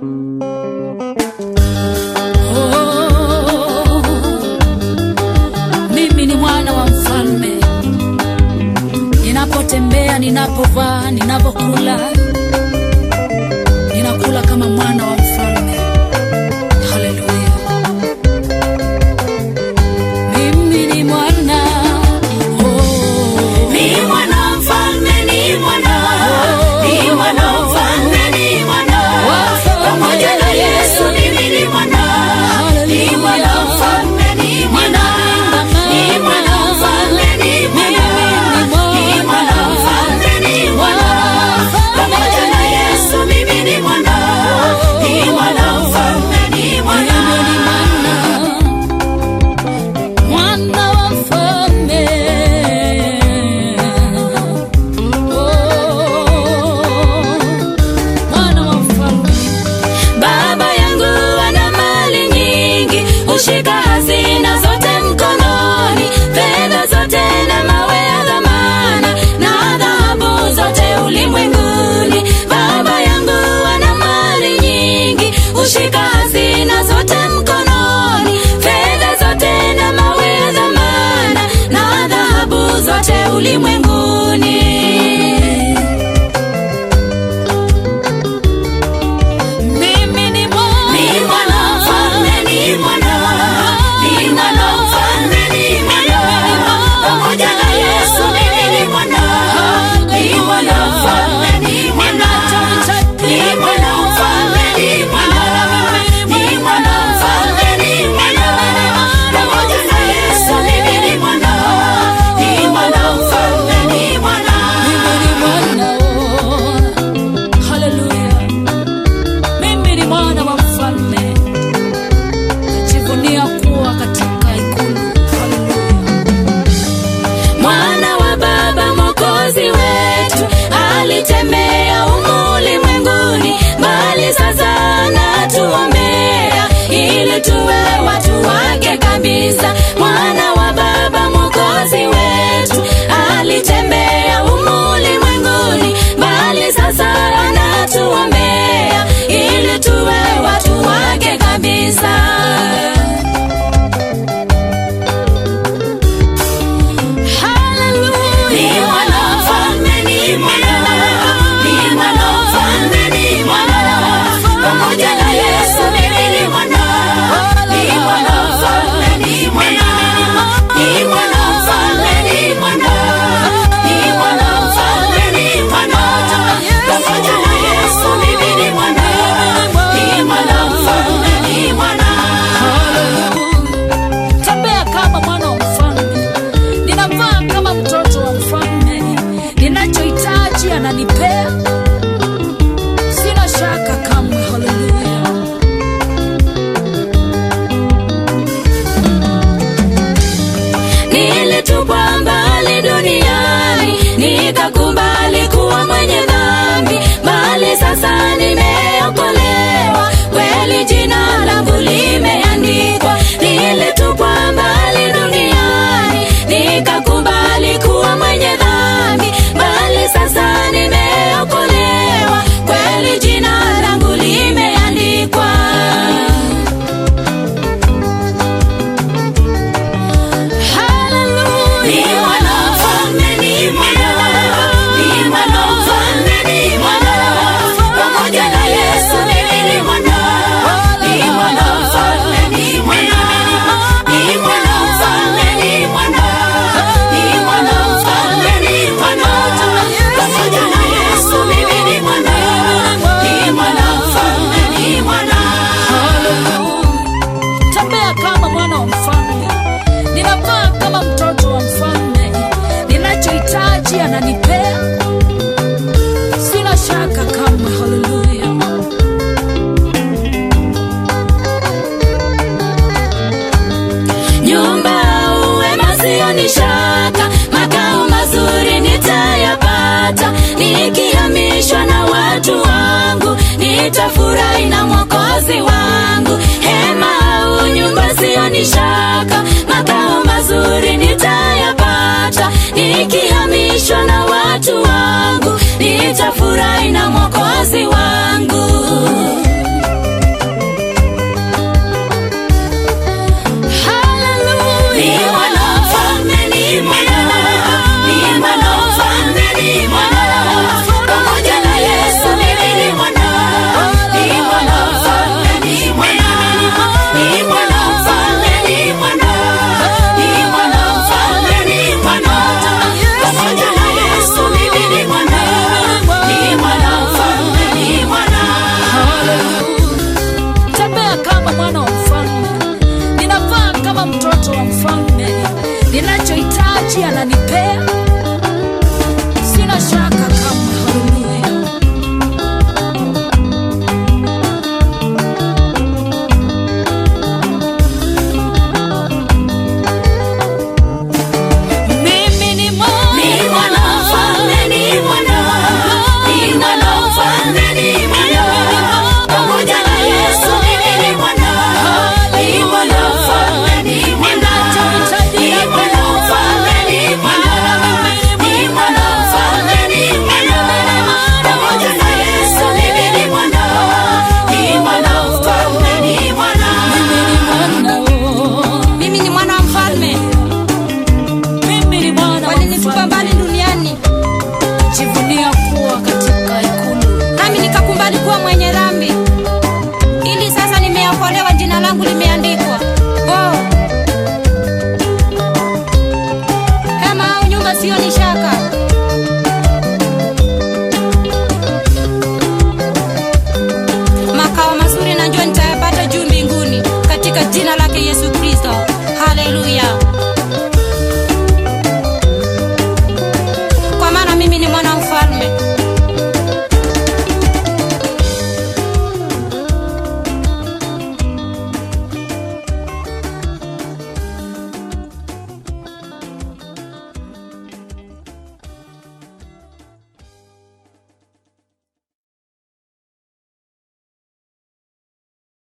Thank you. ulimwengu ananipea, sina shaka kamwe. Haleluya, nilitupwa mbali duniani nika mwana wa mfalme, ninavaa kama mtoto wa mfalme, ninachohitaji ananipea, sina shaka kama. Haleluya. Nyumba uwema sio shaka, makao mazuri nitayapata, nikihamishwa na watu wangu nitafurahi na Mwokozi wangu watu wangu nitafurahi na